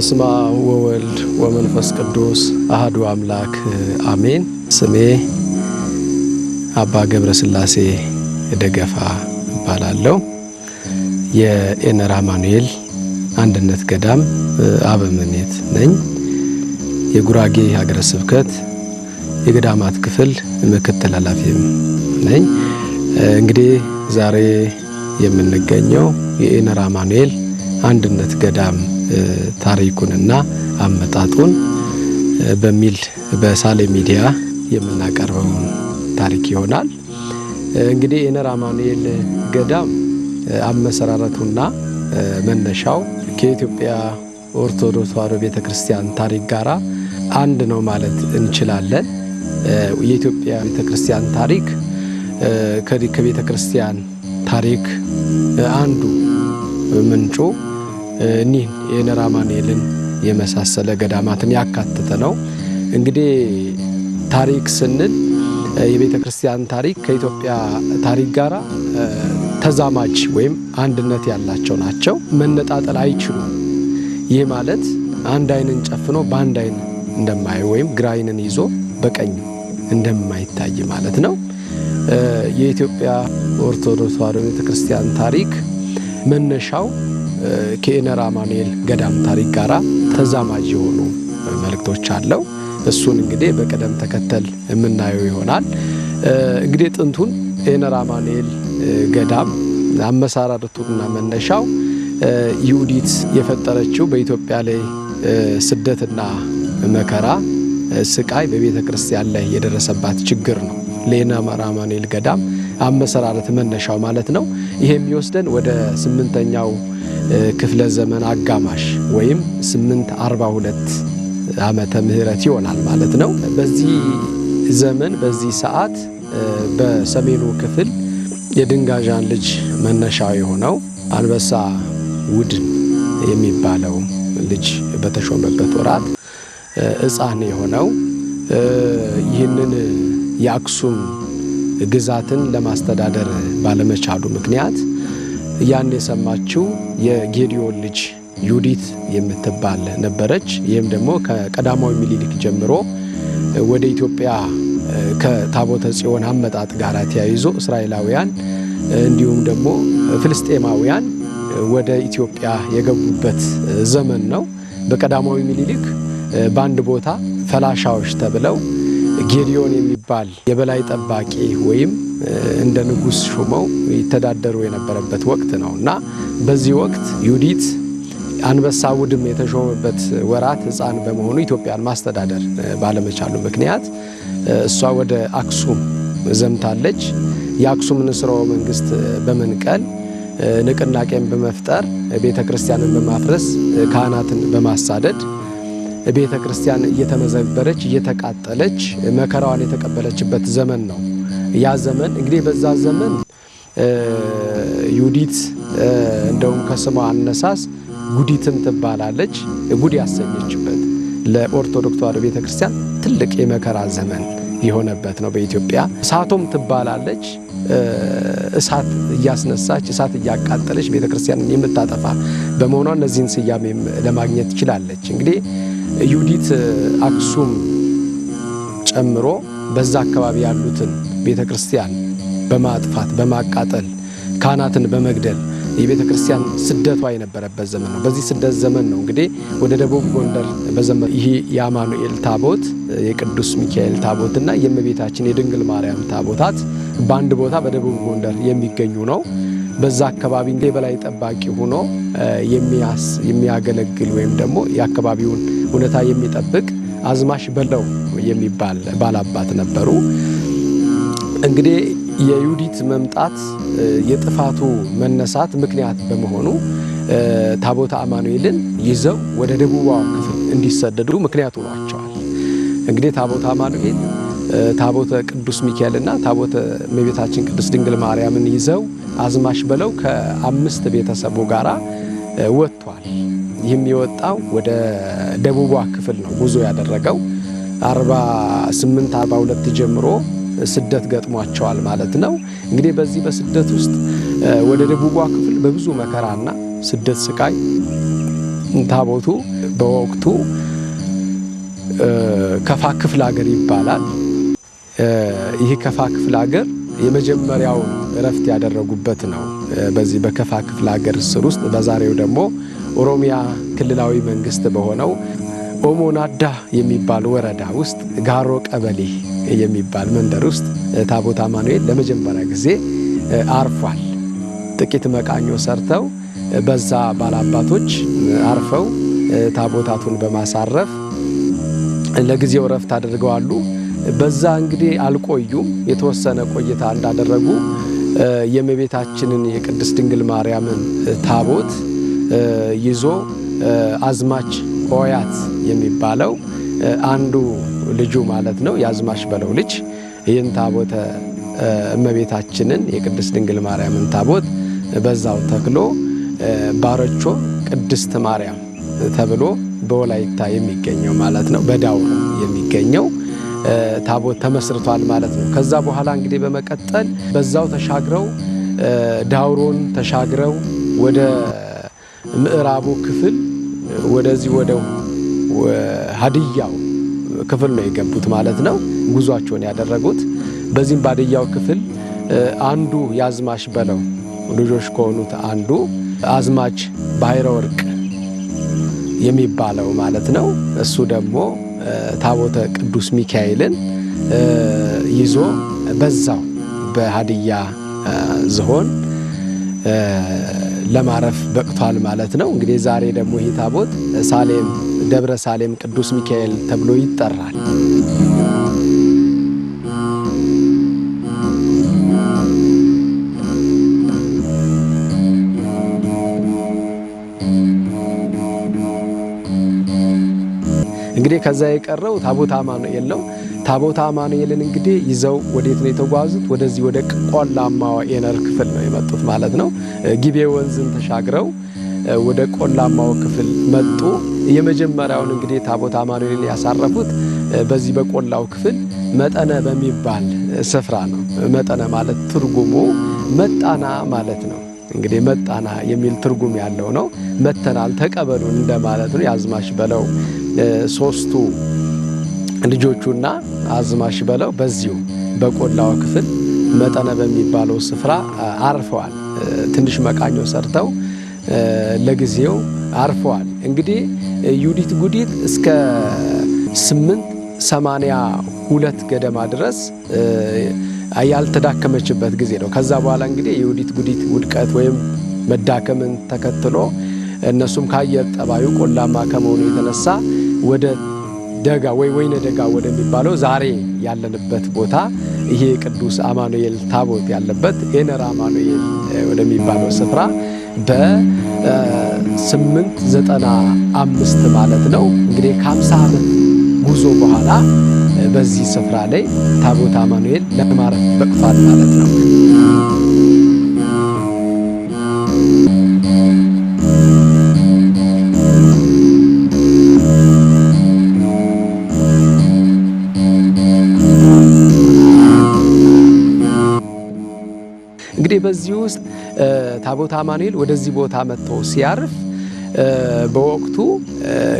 በስማ ወወልድ ወመንፈስ ቅዱስ አህዱ አምላክ አሜን። ስሜ አባ ገብረ ስላሴ ደገፋ እባላለሁ። የኤነር አማኑኤል አንድነት ገዳም አበምኔት ነኝ። የጉራጌ ሀገረ ስብከት የገዳማት ክፍል ምክትል ኃላፊም ነኝ። እንግዲህ ዛሬ የምንገኘው የኤነር አማኑኤል አንድነት ገዳም ታሪኩንና አመጣጡን በሚል በሳሌ ሚዲያ የምናቀርበው ታሪክ ይሆናል። እንግዲህ የነር አማኑኤል ገዳም አመሰራረቱና መነሻው ከኢትዮጵያ ኦርቶዶክስ ተዋሕዶ ቤተ ክርስቲያን ታሪክ ጋር አንድ ነው ማለት እንችላለን። የኢትዮጵያ ቤተ ክርስቲያን ታሪክ ከቤተ ክርስቲያን ታሪክ አንዱ ምንጩ እኒህ የነራ የመሳሰለ ገዳማትን ያካተተ ነው። እንግዲህ ታሪክ ስንል የቤተ ክርስቲያን ታሪክ ከኢትዮጵያ ታሪክ ጋር ተዛማጅ ወይም አንድነት ያላቸው ናቸው። መነጣጠል አይችሉም። ይህ ማለት አንድ አይንን ጨፍኖ በአንድ አይን እንደማይ ወይም ግራ ይዞ በቀኝ እንደማይታይ ማለት ነው። የኢትዮጵያ ኦርቶዶክስ ተዋሕዶ ቤተ ክርስቲያን ታሪክ መነሻው ከኢነር አማኑኤል ገዳም ታሪክ ጋራ ተዛማጅ የሆኑ መልእክቶች አለው። እሱን እንግዲህ በቅደም ተከተል የምናየው ይሆናል። እንግዲህ ጥንቱን ኢነር አማኑኤል ገዳም አመሰራረቱና መነሻው ይሁዲት የፈጠረችው በኢትዮጵያ ላይ ስደትና መከራ ስቃይ በቤተ ክርስቲያን ላይ የደረሰባት ችግር ነው። ሌና ማራማኔል ገዳም አመሰራረት መነሻው ማለት ነው። ይሄ የሚወስደን ወደ ስምንተኛው ክፍለ ዘመን አጋማሽ ወይም 842 ዓመተ ምህረት ይሆናል ማለት ነው። በዚህ ዘመን በዚህ ሰዓት በሰሜኑ ክፍል የድንጋዣን ልጅ መነሻ የሆነው አንበሳ ውድን የሚባለው ልጅ በተሾመበት ወራት ሕፃን የሆነው ይህንን የአክሱም ግዛትን ለማስተዳደር ባለመቻሉ ምክንያት ያን የሰማችው የጌዲዮን ልጅ ዩዲት የምትባል ነበረች። ይህም ደግሞ ከቀዳማዊ ምኒልክ ጀምሮ ወደ ኢትዮጵያ ከታቦተ ጽዮን አመጣጥ ጋር ተያይዞ እስራኤላውያን እንዲሁም ደግሞ ፍልስጤማውያን ወደ ኢትዮጵያ የገቡበት ዘመን ነው። በቀዳማዊ ምኒልክ በአንድ ቦታ ፈላሻዎች ተብለው ጌዲዮን የሚባል የበላይ ጠባቂ ወይም እንደ ንጉሥ ሹመው ይተዳደሩ የነበረበት ወቅት ነው እና በዚህ ወቅት ዩዲት አንበሳ ውድም የተሾመበት ወራት ሕፃን በመሆኑ ኢትዮጵያን ማስተዳደር ባለመቻሉ ምክንያት እሷ ወደ አክሱም ዘምታለች። የአክሱምን ስርወ መንግስት በመንቀል ንቅናቄን በመፍጠር ቤተ ክርስቲያንን በማፍረስ ካህናትን በማሳደድ ቤተ ክርስቲያን እየተመዘበረች እየተቃጠለች መከራዋን የተቀበለችበት ዘመን ነው። ያ ዘመን እንግዲህ በዛ ዘመን ዩዲት እንደውም ከስሟ አነሳስ ጉዲትም ትባላለች። ጉድ ያሰኘችበት ለኦርቶዶክስ ተዋሕዶ ቤተ ክርስቲያን ትልቅ የመከራ ዘመን የሆነበት ነው። በኢትዮጵያ እሳቶም ትባላለች። እሳት እያስነሳች እሳት እያቃጠለች ቤተ ክርስቲያንን የምታጠፋ በመሆኗ እነዚህን ስያሜም ለማግኘት ችላለች እንግዲህ ዩዲት አክሱም ጨምሮ በዛ አካባቢ ያሉትን ቤተ ክርስቲያን በማጥፋት በማቃጠል ካህናትን በመግደል የቤተ ክርስቲያን ስደቷ የነበረበት ዘመን ነው። በዚህ ስደት ዘመን ነው እንግዲህ ወደ ደቡብ ጎንደር በዘመን ይሄ የአማኑኤል ታቦት የቅዱስ ሚካኤል ታቦትና የእመቤታችን የድንግል ማርያም ታቦታት በአንድ ቦታ በደቡብ ጎንደር የሚገኙ ነው። በዛ አካባቢ እንግዲህ የበላይ ጠባቂ ሆኖ የሚያገለግል ወይም ደግሞ የአካባቢውን ሁኔታ የሚጠብቅ አዝማሽ በለው የሚባል ባላባት ነበሩ። እንግዲህ የዩዲት መምጣት የጥፋቱ መነሳት ምክንያት በመሆኑ ታቦተ አማኑኤልን ይዘው ወደ ደቡባ ክፍል እንዲሰደዱ ምክንያት ሆኗቸዋል። እንግዲህ ታቦተ አማኑኤል ታቦተ ቅዱስ ሚካኤልና ታቦተ እመቤታችን ቅድስት ድንግል ማርያምን ይዘው አዝማሽ በለው ከአምስት ቤተሰቡ ጋራ ወጥቷል። የሚወጣው ወደ ደቡቧ ክፍል ነው ጉዞ ያደረገው 48 42 ጀምሮ ስደት ገጥሟቸዋል ማለት ነው። እንግዲህ በዚህ በስደት ውስጥ ወደ ደቡቧ ክፍል በብዙ መከራና ስደት ስቃይ ታቦቱ በወቅቱ ከፋ ክፍል ሀገር ይባላል። ይህ ከፋ ክፍል ሀገር የመጀመሪያውን እረፍት ያደረጉበት ነው። በዚህ በከፋ ክፍል ሀገር ስር ውስጥ በዛሬው ደግሞ ኦሮሚያ ክልላዊ መንግስት በሆነው ኦሞናዳ የሚባል ወረዳ ውስጥ ጋሮ ቀበሌ የሚባል መንደር ውስጥ ታቦት አማኑኤል ለመጀመሪያ ጊዜ አርፏል። ጥቂት መቃኞ ሰርተው በዛ ባላባቶች አርፈው ታቦታቱን በማሳረፍ ለጊዜው ረፍት አድርገዋሉ። በዛ እንግዲህ አልቆዩም። የተወሰነ ቆይታ እንዳደረጉ የእመቤታችንን የቅድስት ድንግል ማርያምን ታቦት ይዞ አዝማች ሆያት የሚባለው አንዱ ልጁ ማለት ነው የአዝማች በለው ልጅ ይህን ታቦተ እመቤታችንን የቅድስት ድንግል ማርያምን ታቦት በዛው ተክሎ ባረቾ ቅድስት ማርያም ተብሎ በወላይታ የሚገኘው ማለት ነው በዳው የሚገኘው ታቦት ተመስርቷል ማለት ነው። ከዛ በኋላ እንግዲህ በመቀጠል በዛው ተሻግረው ዳውሮን ተሻግረው ወደ ምዕራቡ ክፍል ወደዚህ ወደ ሀድያው ክፍል ነው የገቡት ማለት ነው ጉዟቸውን ያደረጉት። በዚህም በሀድያው ክፍል አንዱ የአዝማች በለው ልጆች ከሆኑት አንዱ አዝማች ባይረ ወርቅ የሚባለው ማለት ነው። እሱ ደግሞ ታቦተ ቅዱስ ሚካኤልን ይዞ በዛው በሀድያ ዝሆን ለማረፍ በቅቷል ማለት ነው። እንግዲህ ዛሬ ደግሞ ይህ ታቦት ሳሌም ደብረ ሳሌም ቅዱስ ሚካኤል ተብሎ ይጠራል። እንግዲህ ከዛ የቀረው ታቦት አማኑኤል ነው። ታቦታ አማኑኤልን እንግዲህ ይዘው ወዴት ነው የተጓዙት? ወደዚህ ወደ ቆላማ የነር ክፍል ነው የመጡት ማለት ነው። ጊቤ ወንዝን ተሻግረው ወደ ቆላማው ክፍል መጡ። የመጀመሪያውን እንግዲህ ታቦታ አማኑኤልን ያሳረፉት በዚህ በቆላው ክፍል መጠነ በሚባል ስፍራ ነው። መጠነ ማለት ትርጉሙ መጣና ማለት ነው። እንግዲህ መጣና የሚል ትርጉም ያለው ነው። መተናል ተቀበሉን እንደማለት ነው። ያዝማሽ በለው ሶስቱ ልጆቹና አዝማሽ በለው በዚሁ በቆላው ክፍል መጠነ በሚባለው ስፍራ አርፈዋል። ትንሽ መቃኞ ሰርተው ለጊዜው አርፈዋል። እንግዲህ ዩዲት ጉዲት እስከ ስምንት ሰማንያ ሁለት ገደማ ድረስ ያልተዳከመችበት ጊዜ ነው። ከዛ በኋላ እንግዲህ የዩዲት ጉዲት ውድቀት ወይም መዳከምን ተከትሎ እነሱም ከአየር ጠባዩ ቆላማ ከመሆኑ የተነሳ ወደ ደጋ ወይ ወይነ ደጋ ወደሚባለው ዛሬ ያለንበት ቦታ ይሄ ቅዱስ አማኑኤል ታቦት ያለበት ኤነር አማኑኤል ወደሚባለው ስፍራ በ895 ማለት ነው እንግዲህ ከ50 ዓመት ጉዞ በኋላ በዚህ ስፍራ ላይ ታቦት አማኑኤል ለማረፍ በቅቷል ማለት ነው። በዚህ ውስጥ ታቦተ ወደዚህ ቦታ መጥቶ ሲያርፍ በወቅቱ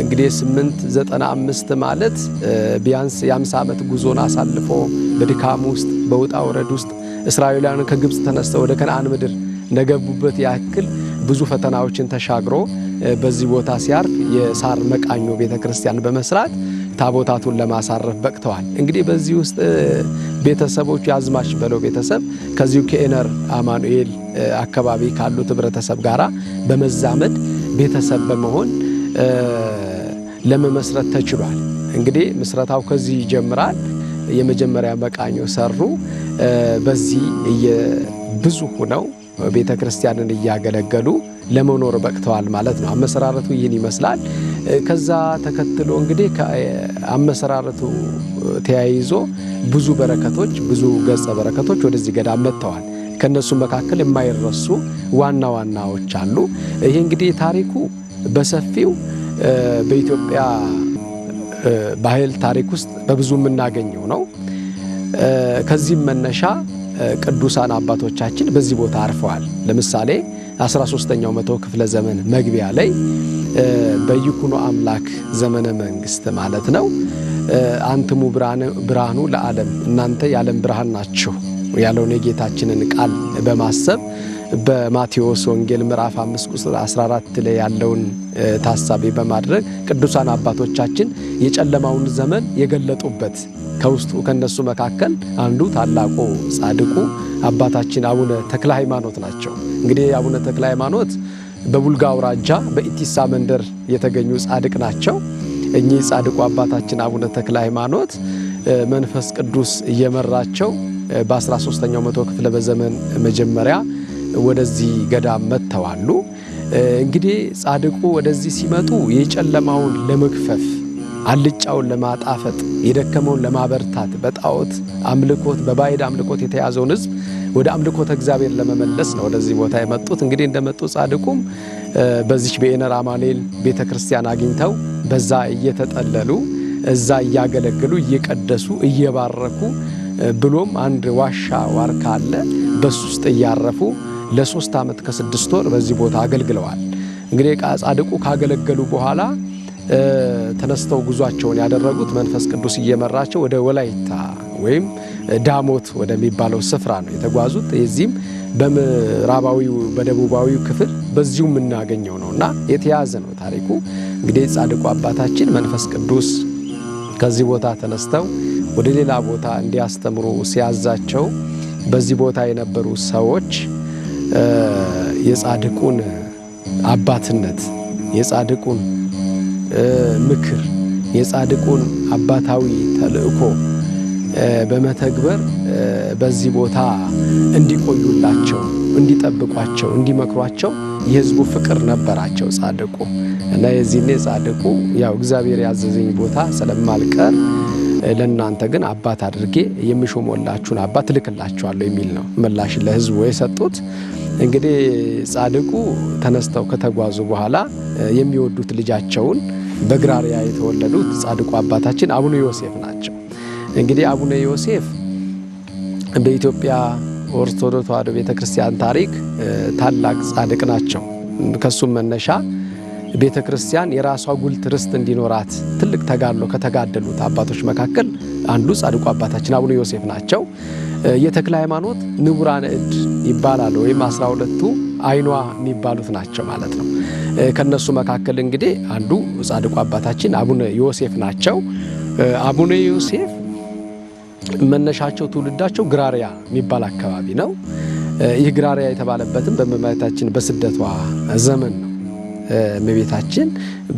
እንግዲህ 895 ማለት ቢያንስ የ50 ዓመት ጉዞን አሳልፎ በድካም ውስጥ በውጣ ወረድ ውስጥ እስራኤላውያን ከግብፅ ተነስተው ወደ ከነአን ምድር እንደገቡበት ያክል ብዙ ፈተናዎችን ተሻግሮ በዚህ ቦታ ሲያርፍ የሳር መቃኞ ቤተ ክርስቲያን በመስራት ታቦታቱን ለማሳረፍ በቅተዋል። እንግዲህ በዚህ ውስጥ ቤተሰቦቹ የአዝማች በለው ቤተሰብ ከዚሁ ከኤነር አማኑኤል አካባቢ ካሉት ህብረተሰብ ጋር በመዛመድ ቤተሰብ በመሆን ለመመስረት ተችሏል። እንግዲህ ምስረታው ከዚህ ይጀምራል። የመጀመሪያ መቃኞ ሰሩ። በዚህ ብዙ ሁነው ቤተ ክርስቲያንን እያገለገሉ ለመኖር በቅተዋል ማለት ነው። አመሰራረቱ ይህን ይመስላል። ከዛ ተከትሎ እንግዲህ አመሰራረቱ ተያይዞ ብዙ በረከቶች፣ ብዙ ገጸ በረከቶች ወደዚህ ገዳም መጥተዋል። ከእነሱ መካከል የማይረሱ ዋና ዋናዎች አሉ። ይሄ እንግዲህ ታሪኩ በሰፊው በኢትዮጵያ ባህል ታሪክ ውስጥ በብዙ የምናገኘው ነው። ከዚህም መነሻ ቅዱሳን አባቶቻችን በዚህ ቦታ አርፈዋል። ለምሳሌ 13ኛው መቶ ክፍለ ዘመን መግቢያ ላይ በይኩኖ አምላክ ዘመነ መንግስት ማለት ነው አንትሙ ብርሃኑ ለዓለም እናንተ የዓለም ብርሃን ናችሁ ያለውን የጌታችንን ቃል በማሰብ በማቴዎስ ወንጌል ምዕራፍ 5 ቁጥር 14 ላይ ያለውን ታሳቢ በማድረግ ቅዱሳን አባቶቻችን የጨለማውን ዘመን የገለጡበት ከውስጡ ከነሱ መካከል አንዱ ታላቁ ጻድቁ አባታችን አቡነ ተክለ ሃይማኖት ናቸው። እንግዲህ አቡነ ተክለ ሃይማኖት በቡልጋ አውራጃ በኢቲሳ መንደር የተገኙ ጻድቅ ናቸው። እኚህ ጻድቁ አባታችን አቡነ ተክለ ሃይማኖት መንፈስ ቅዱስ እየመራቸው በ13ኛው መቶ ክፍለ በዘመን መጀመሪያ ወደዚህ ገዳም መጥተዋሉ። እንግዲህ ጻድቁ ወደዚህ ሲመጡ የጨለማውን ለመግፈፍ አልጫውን ለማጣፈጥ የደከመውን ለማበርታት በጣዖት አምልኮት በባዕድ አምልኮት የተያዘውን ሕዝብ ወደ አምልኮት እግዚአብሔር ለመመለስ ነው ወደዚህ ቦታ የመጡት። እንግዲህ እንደመጡ ጻድቁም በዚች በኤነር አማኑኤል ቤተ ክርስቲያን አግኝተው በዛ እየተጠለሉ እዛ እያገለገሉ እየቀደሱ እየባረኩ ብሎም አንድ ዋሻ ዋርካ አለ በሱ ውስጥ እያረፉ ለሶስት ዓመት ከስድስት ወር በዚህ ቦታ አገልግለዋል። እንግዲህ ጻድቁ ካገለገሉ በኋላ ተነስተው ጉዟቸውን ያደረጉት መንፈስ ቅዱስ እየመራቸው ወደ ወላይታ ወይም ዳሞት ወደሚባለው ስፍራ ነው የተጓዙት። የዚህም በምዕራባዊው በደቡባዊው ክፍል በዚሁ የምናገኘው ነው እና የተያዘ ነው ታሪኩ። እንግዲህ ጻድቁ አባታችን መንፈስ ቅዱስ ከዚህ ቦታ ተነስተው ወደ ሌላ ቦታ እንዲያስተምሩ ሲያዛቸው በዚህ ቦታ የነበሩ ሰዎች የጻድቁን አባትነት የጻድቁን ምክር የጻድቁን አባታዊ ተልእኮ በመተግበር በዚህ ቦታ እንዲቆዩላቸው፣ እንዲጠብቋቸው፣ እንዲመክሯቸው የህዝቡ ፍቅር ነበራቸው ጻድቁ እና የዚህኔ ጻድቁ ያው እግዚአብሔር ያዘዘኝ ቦታ ስለማልቀር ለእናንተ ግን አባት አድርጌ የምሾሞላችሁን አባት እልክላችኋለሁ የሚል ነው ምላሽ ለሕዝቡ የሰጡት። እንግዲህ ጻድቁ ተነስተው ከተጓዙ በኋላ የሚወዱት ልጃቸውን በግራሪያ የተወለዱት ጻድቁ አባታችን አቡነ ዮሴፍ ናቸው። እንግዲህ አቡነ ዮሴፍ በኢትዮጵያ ኦርቶዶክስ ተዋሕዶ ቤተ ክርስቲያን ታሪክ ታላቅ ጻድቅ ናቸው። ከሱም መነሻ ቤተ ክርስቲያን የራሷ ጉልት ርስት እንዲኖራት ትልቅ ተጋድሎ ከተጋደሉት አባቶች መካከል አንዱ ጻድቁ አባታችን አቡነ ዮሴፍ ናቸው። የተክለ ሃይማኖት ንቡራን እድ ይባላል ወይም አስራ ሁለቱ አይኗ የሚባሉት ናቸው ማለት ነው። ከነሱ መካከል እንግዲህ አንዱ ጻድቁ አባታችን አቡነ ዮሴፍ ናቸው። አቡነ ዮሴፍ መነሻቸው ትውልዳቸው ግራሪያ የሚባል አካባቢ ነው። ይህ ግራሪያ የተባለበትም በእመቤታችን በስደቷ ዘመን ነው። መቤታችን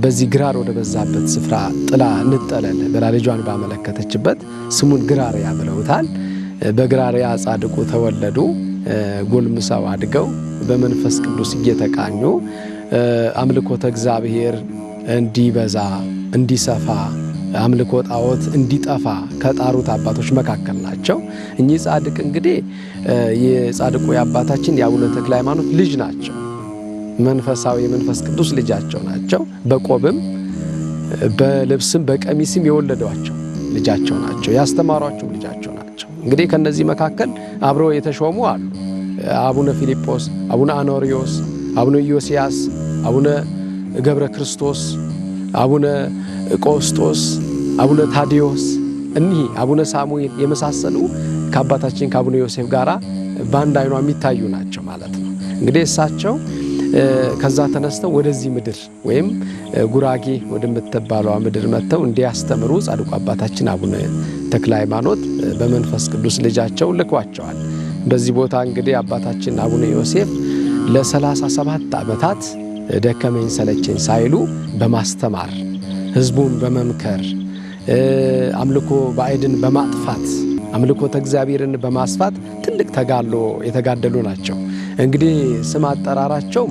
በዚህ ግራር ወደ በዛበት ስፍራ ጥላ እንጠለል ብላ ልጇን ባመለከተችበት ስሙን ግራሪያ ብለውታል። በግራሪያ ጻድቁ ተወለዱ። ጎልምሰው አድገው በመንፈስ ቅዱስ እየተቃኙ አምልኮተ እግዚአብሔር እንዲበዛ እንዲሰፋ አምልኮ ጣዖት እንዲጠፋ ከጣሩት አባቶች መካከል ናቸው። እኚህ ጻድቅ እንግዲህ የጻድቁ የአባታችን የአቡነ ተክለ ሃይማኖት ልጅ ናቸው። መንፈሳዊ የመንፈስ ቅዱስ ልጃቸው ናቸው። በቆብም በልብስም በቀሚስም የወለዷቸው ልጃቸው ናቸው። ያስተማሯቸው ልጃቸው ናቸው። እንግዲህ ከነዚህ መካከል አብረው የተሾሙ አሉ። አቡነ ፊልጶስ፣ አቡነ አኖሪዮስ፣ አቡነ ኢዮስያስ፣ አቡነ ገብረ ክርስቶስ፣ አቡነ ቆስጦስ፣ አቡነ ታዲዮስ እኒህ አቡነ ሳሙኤል የመሳሰሉ ከአባታችን ከአቡነ ዮሴፍ ጋር በአንድ አይኗ የሚታዩ ናቸው ማለት ነው። እንግዲህ እሳቸው ከዛ ተነስተው ወደዚህ ምድር ወይም ጉራጌ ወደምትባለዋ ምድር መጥተው እንዲያስተምሩ ጻድቁ አባታችን አቡነ ተክለ ሃይማኖት በመንፈስ ቅዱስ ልጃቸው ልኳቸዋል። በዚህ ቦታ እንግዲህ አባታችን አቡነ ዮሴፍ ለ37 ዓመታት ደከመኝ ሰለቸኝ ሳይሉ በማስተማር ህዝቡን በመምከር አምልኮ ባዕድን በማጥፋት አምልኮተ እግዚአብሔርን በማስፋት ትልቅ ተጋድሎ የተጋደሉ ናቸው። እንግዲህ ስም አጠራራቸው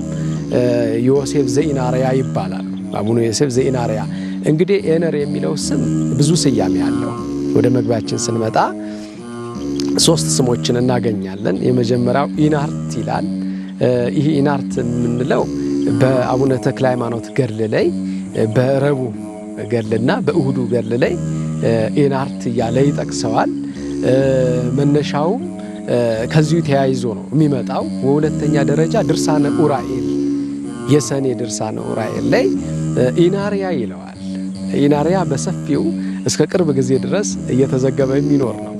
ዮሴፍ ዘኢናርያ ይባላል። አቡነ ዮሴፍ ዘኢናርያ እንግዲህ ኤነር የሚለው ስም ብዙ ስያሜ አለው። ወደ መግቢያችን ስንመጣ ሶስት ስሞችን እናገኛለን። የመጀመሪያው ኢናርት ይላል። ይህ ኢናርት የምንለው በአቡነ ተክለ ሃይማኖት ገድል ላይ በረቡ ገድልና በእሁዱ ገድል ላይ ኢናርት እያለ ይጠቅሰዋል። መነሻው ከዚሁ ተያይዞ ነው የሚመጣው። በሁለተኛ ደረጃ ድርሳነ ኡራኤል የሰኔ ድርሳነ ኡራኤል ላይ ኢናሪያ ይለዋል። ኢናሪያ በሰፊው እስከ ቅርብ ጊዜ ድረስ እየተዘገበ የሚኖር ነው።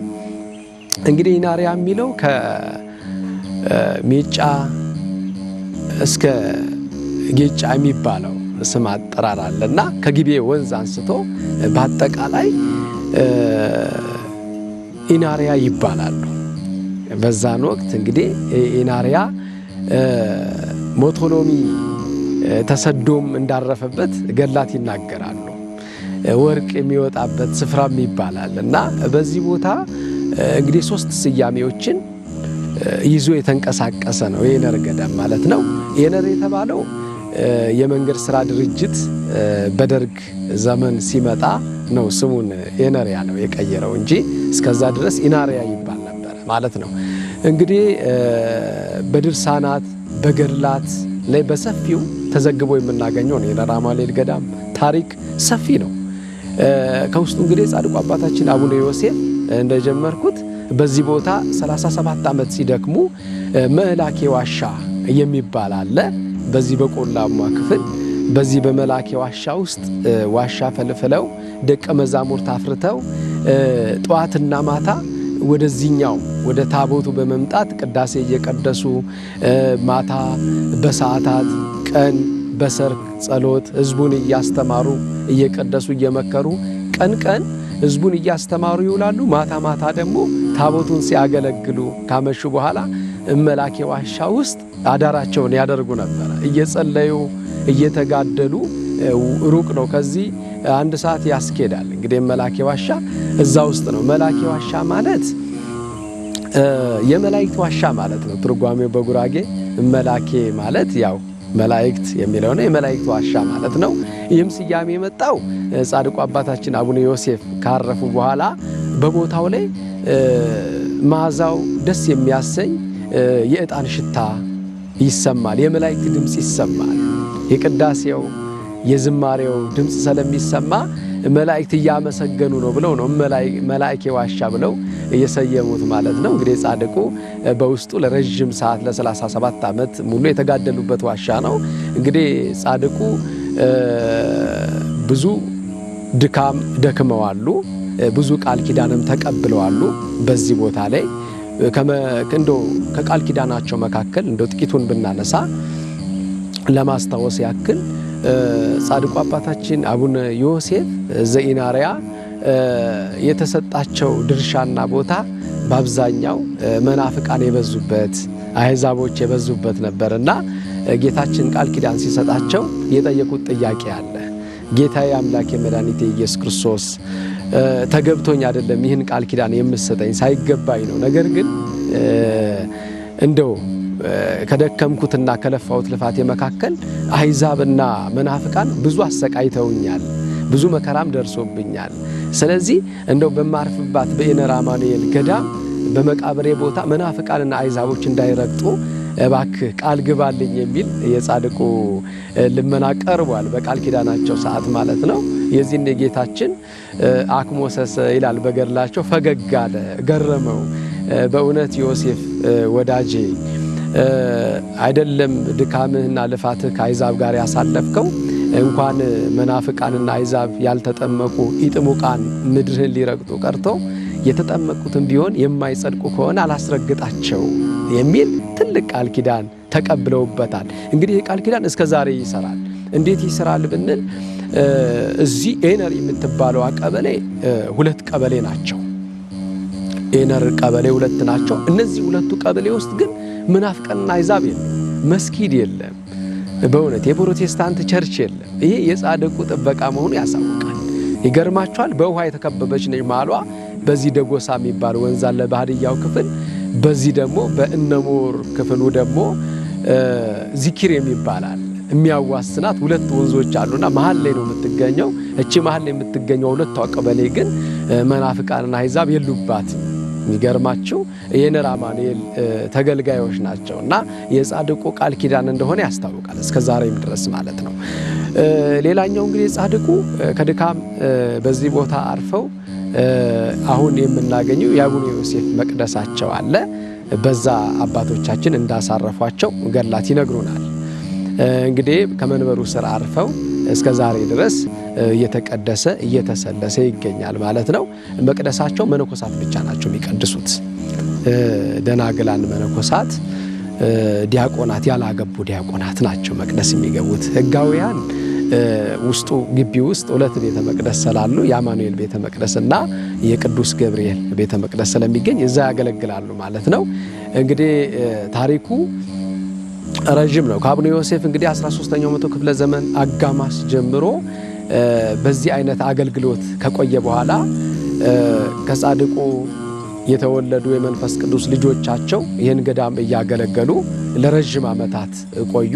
እንግዲህ ኢናሪያ የሚለው ከሜጫ እስከ ጌጫ የሚባለው ስም አጠራር አለ እና ወንዝ አንስቶ በአጠቃላይ ኢናሪያ ይባላሉ። በዛን ወቅት እንግዲህ ኢናሪያ ሞቶሎሚ ተሰዶም እንዳረፈበት ገላት ይናገራል። ወርቅ የሚወጣበት ስፍራም ይባላል እና በዚህ ቦታ እንግዲህ ሶስት ስያሜዎችን ይዞ የተንቀሳቀሰ ነው የነር ገዳም ማለት ነው። የነር የተባለው የመንገድ ስራ ድርጅት በደርግ ዘመን ሲመጣ ነው ስሙን የነሪያ ነው የቀየረው እንጂ እስከዛ ድረስ ኢናሪያ ይባል ነበረ ማለት ነው። እንግዲህ በድርሳናት በገድላት ላይ በሰፊው ተዘግቦ የምናገኘው ነው። የነር አማኑኤል ገዳም ታሪክ ሰፊ ነው። ከውስጡ እንግዲህ ጻድቁ አባታችን አቡነ ዮሴፍ እንደጀመርኩት በዚህ ቦታ 37 ዓመት ሲደክሙ መላኬ ዋሻ የሚባል አለ። በዚህ በቆላማ ክፍል በዚህ በመላኬ ዋሻ ውስጥ ዋሻ ፈልፍለው ደቀ መዛሙርት አፍርተው ጠዋትና ማታ ወደዚህኛው ወደ ታቦቱ በመምጣት ቅዳሴ እየቀደሱ ማታ በሰዓታት ቀን በሰርክ ጸሎት ህዝቡን እያስተማሩ እየቀደሱ እየመከሩ ቀን ቀን ህዝቡን እያስተማሩ ይውላሉ። ማታ ማታ ደግሞ ታቦቱን ሲያገለግሉ ካመሹ በኋላ እመላኬ ዋሻ ውስጥ አዳራቸውን ያደርጉ ነበረ። እየጸለዩ እየተጋደሉ ሩቅ ነው፣ ከዚህ አንድ ሰዓት ያስኬዳል። እንግዲህ መላኬ ዋሻ እዛ ውስጥ ነው። መላኬ ዋሻ ማለት የመላእክት ዋሻ ማለት ነው። ትርጓሜው በጉራጌ መላኬ ማለት ያው መላእክት የሚለው ነው። የመላእክት ዋሻ ማለት ነው። ይህም ስያሜ የመጣው ጻድቁ አባታችን አቡነ ዮሴፍ ካረፉ በኋላ በቦታው ላይ መዓዛው ደስ የሚያሰኝ የእጣን ሽታ ይሰማል። የመላእክት ድምፅ ይሰማል። የቅዳሴው የዝማሬው ድምፅ ስለሚሰማ መላእክት እያመሰገኑ ነው ብለው ነው መላእኬ ዋሻ ብለው እየሰየሙት ማለት ነው። እንግዲህ ጻድቁ በውስጡ ለረዥም ሰዓት ለ37 ዓመት ሙሉ የተጋደሉበት ዋሻ ነው። እንግዲህ ጻድቁ ብዙ ድካም ደክመዋሉ፣ ብዙ ቃል ኪዳንም ተቀብለዋሉ። በዚህ ቦታ ላይ እንዶ ከቃል ኪዳናቸው መካከል እንደ ጥቂቱን ብናነሳ ለማስታወስ ያክል ጻድቁ አባታችን አቡነ ዮሴፍ ዘኢናርያ የተሰጣቸው ድርሻና ቦታ በአብዛኛው መናፍቃን የበዙበት አህዛቦች የበዙበት ነበር እና ጌታችን ቃል ኪዳን ሲሰጣቸው የጠየቁት ጥያቄ አለ። ጌታዬ አምላኬ መድኃኒቴ ኢየሱስ ክርስቶስ ተገብቶኝ አይደለም ይህን ቃል ኪዳን የምሰጠኝ ሳይገባኝ ነው። ነገር ግን እንደው ከደከምኩትና ከለፋሁት ልፋቴ መካከል አሕዛብና መናፍቃን ብዙ አሰቃይተውኛል፣ ብዙ መከራም ደርሶብኛል። ስለዚህ እንደው በማርፍባት በኤነር አማኑኤል ገዳም በመቃብሬ ቦታ መናፍቃንና አሕዛቦች እንዳይረግጡ እባክህ ቃል ግባልኝ የሚል የጻድቁ ልመና ቀርቧል። በቃል ኪዳናቸው ሰዓት ማለት ነው። የዚህን ጌታችን አክሞሰስ ይላል በገድላቸው ፈገግ አለ፣ ገረመው። በእውነት ዮሴፍ ወዳጄ አይደለም ድካምህና ልፋትህ ከአይዛብ ጋር ያሳለፍከው እንኳን መናፍቃንና አይዛብ ያልተጠመቁ ኢጥሙቃን ምድርህን ሊረግጡ ቀርቶ የተጠመቁትም ቢሆን የማይጸድቁ ከሆነ አላስረግጣቸው የሚል ትልቅ ቃል ኪዳን ተቀብለውበታል። እንግዲህ ይህ ቃል ኪዳን እስከ ዛሬ ይሰራል። እንዴት ይሰራል ብንል እዚህ ኤነር የምትባለው ቀበሌ ሁለት ቀበሌ ናቸው። ኤነር ቀበሌ ሁለት ናቸው። እነዚህ ሁለቱ ቀበሌ ውስጥ ግን ምናፍቀና አይዛብ የለም፣ መስጊድ የለም፣ በእውነት የፕሮቴስታንት ቸርች የለም። ይሄ የጻድቁ ጥበቃ መሆኑ ያሳውቃል። ይገርማችኋል፣ በውሃ የተከበበች ነች ማሏ። በዚህ ደጎሳ የሚባል ወንዝ አለ በሀድያው ክፍል፣ በዚህ ደግሞ በእነሞር ክፍሉ ደግሞ ዚኪር የሚባላል የሚያዋስናት ሁለት ወንዞች አሉና መሀል ላይ ነው የምትገኘው። እቺ መሀል ላይ የምትገኘው ሁለቷ ቀበሌ ግን መናፍቃንና አሕዛብ የሉባት። የሚገርማችሁ የንር አማኑኤል ተገልጋዮች ናቸው እና የጻድቁ ቃል ኪዳን እንደሆነ ያስታውቃል እስከ ዛሬም ድረስ ማለት ነው። ሌላኛው እንግዲህ የጻድቁ ከድካም በዚህ ቦታ አርፈው አሁን የምናገኘው የአቡነ ዮሴፍ መቅደሳቸው አለ። በዛ አባቶቻችን እንዳሳረፏቸው ገላት ይነግሩናል። እንግዲህ ከመንበሩ ስር አርፈው እስከ ዛሬ ድረስ እየተቀደሰ እየተሰለሰ ይገኛል ማለት ነው። መቅደሳቸው መነኮሳት ብቻ ናቸው የሚቀድሱት። ደናግላን መነኮሳት ዲያቆናት ያላገቡ ዲያቆናት ናቸው መቅደስ የሚገቡት። ህጋውያን ውስጡ ግቢ ውስጥ ሁለት ቤተ መቅደስ ስላሉ የአማኑኤል ቤተ መቅደስ እና የቅዱስ ገብርኤል ቤተ መቅደስ ስለሚገኝ እዛ ያገለግላሉ ማለት ነው። እንግዲህ ታሪኩ ረዥም ነው። ከአቡነ ዮሴፍ እንግዲህ 13ኛው መቶ ክፍለ ዘመን አጋማሽ ጀምሮ በዚህ አይነት አገልግሎት ከቆየ በኋላ ከጻድቁ የተወለዱ የመንፈስ ቅዱስ ልጆቻቸው ይህን ገዳም እያገለገሉ ለረዥም ዓመታት ቆዩ።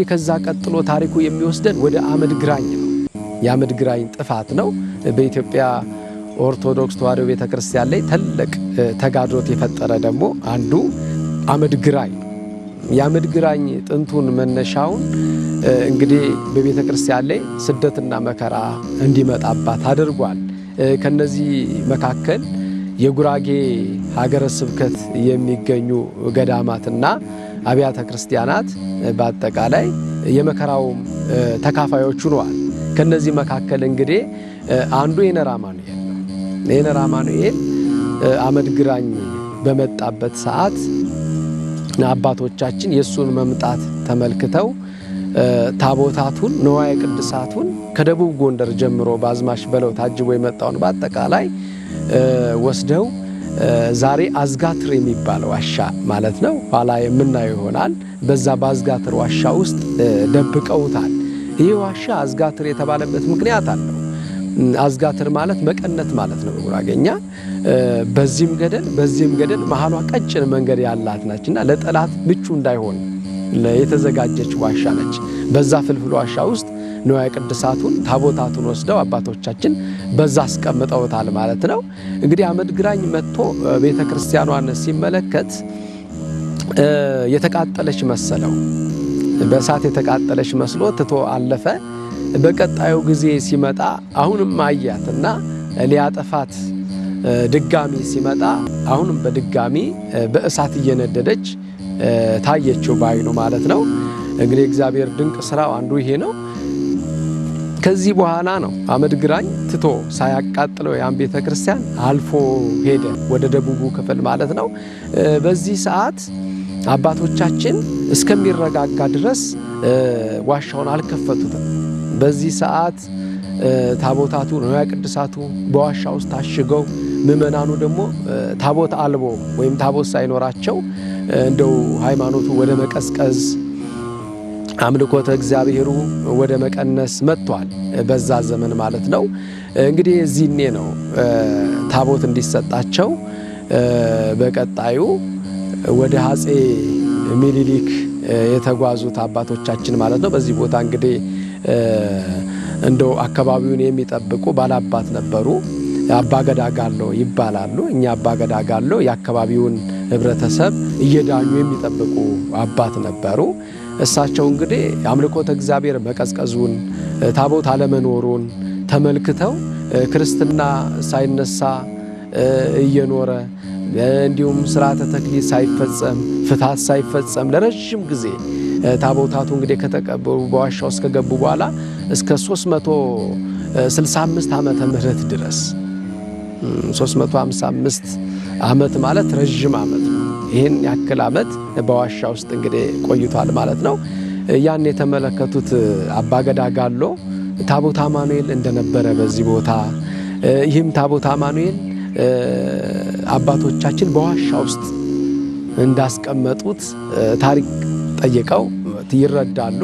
እንግዲህ ከዛ ቀጥሎ ታሪኩ የሚወስደን ወደ አመድ ግራኝ ነው። የአመድ ግራኝ ጥፋት ነው። በኢትዮጵያ ኦርቶዶክስ ተዋሕዶ ቤተ ክርስቲያን ላይ ትልቅ ተጋድሮት የፈጠረ ደግሞ አንዱ አመድ ግራኝ የአመድ ግራኝ ጥንቱን መነሻውን እንግዲህ በቤተ ክርስቲያን ላይ ስደትና መከራ እንዲመጣባት አድርጓል። ከነዚህ መካከል የጉራጌ ሀገረ ስብከት የሚገኙ ገዳማትና አብያተ ክርስቲያናት በአጠቃላይ የመከራው ተካፋዮች ሆነዋል። ከነዚህ መካከል እንግዲህ አንዱ የነራ ማኑኤል ነው። የነራ አማኑኤል አመድ ግራኝ በመጣበት ሰዓት አባቶቻችን የእሱን መምጣት ተመልክተው ታቦታቱን ንዋየ ቅድሳቱን ከደቡብ ጎንደር ጀምሮ በአዝማሽ በለው ታጅቦ የመጣውን በአጠቃላይ ወስደው ዛሬ አዝጋትር የሚባል ዋሻ ማለት ነው። ኋላ የምናየው ይሆናል። በዛ በአዝጋትር ዋሻ ውስጥ ደብቀውታል። ይህ ዋሻ አዝጋትር የተባለበት ምክንያት አለው። አዝጋትር ማለት መቀነት ማለት ነው በጉራገኛ። በዚህም ገደል በዚህም ገደል መሀሏ ቀጭን መንገድ ያላት ናችና ለጠላት ምቹ እንዳይሆን የተዘጋጀች ዋሻ ነች። በዛ ፍልፍል ዋሻ ውስጥ ንዋየ ቅድሳቱን ታቦታቱን ወስደው አባቶቻችን በዛ አስቀምጠውታል ማለት ነው። እንግዲህ አመድ ግራኝ መጥቶ ቤተ ክርስቲያኗን ሲመለከት የተቃጠለች መሰለው። በእሳት የተቃጠለች መስሎ ትቶ አለፈ። በቀጣዩ ጊዜ ሲመጣ አሁንም አያት እና ሊያጠፋት ድጋሚ ሲመጣ አሁንም በድጋሚ በእሳት እየነደደች ታየችው ባይኑ ማለት ነው። እንግዲህ እግዚአብሔር ድንቅ ስራው አንዱ ይሄ ነው። ከዚህ በኋላ ነው አመድ ግራኝ ትቶ ሳያቃጥለው ያን ቤተ ክርስቲያን አልፎ ሄደ፣ ወደ ደቡቡ ክፍል ማለት ነው። በዚህ ሰዓት አባቶቻችን እስከሚረጋጋ ድረስ ዋሻውን አልከፈቱትም። በዚህ ሰዓት ታቦታቱ ንዋየ ቅድሳቱ በዋሻ ውስጥ ታሽገው ምእመናኑ ደግሞ ታቦት አልቦ ወይም ታቦት ሳይኖራቸው እንደው ሃይማኖቱ ወደ መቀዝቀዝ አምልኮተ እግዚአብሔሩ ወደ መቀነስ መጥቷል። በዛ ዘመን ማለት ነው። እንግዲህ ዚኔ ነው ታቦት እንዲሰጣቸው በቀጣዩ ወደ አፄ ሚኒሊክ የተጓዙት አባቶቻችን ማለት ነው። በዚህ ቦታ እንግዲህ እንደው አካባቢውን የሚጠብቁ ባላባት ነበሩ። አባገዳ ጋለው ይባላሉ። እኛ አባገዳ የአካባቢውን ህብረተሰብ እየዳኙ የሚጠብቁ አባት ነበሩ። እሳቸው እንግዲህ አምልኮተ እግዚአብሔር መቀዝቀዙን፣ ታቦት አለመኖሩን ተመልክተው ክርስትና ሳይነሳ እየኖረ እንዲሁም ስርዓተ ተክሊል ሳይፈጸም ፍትሐት ሳይፈጸም ለረዥም ጊዜ ታቦታቱ እንግዲህ ከተቀበሩ በዋሻው እስከገቡ በኋላ እስከ 365 ዓመተ ምህረት ድረስ 355 አመት ማለት ረዥም አመት ነው። ይህን ያክል አመት በዋሻ ውስጥ እንግዲህ ቆይቷል ማለት ነው። ያን የተመለከቱት አባገዳ ጋሎ ታቦት አማኑኤል እንደነበረ በዚህ ቦታ ይህም ታቦት አማኑኤል አባቶቻችን በዋሻ ውስጥ እንዳስቀመጡት ታሪክ ጠይቀው ይረዳሉ።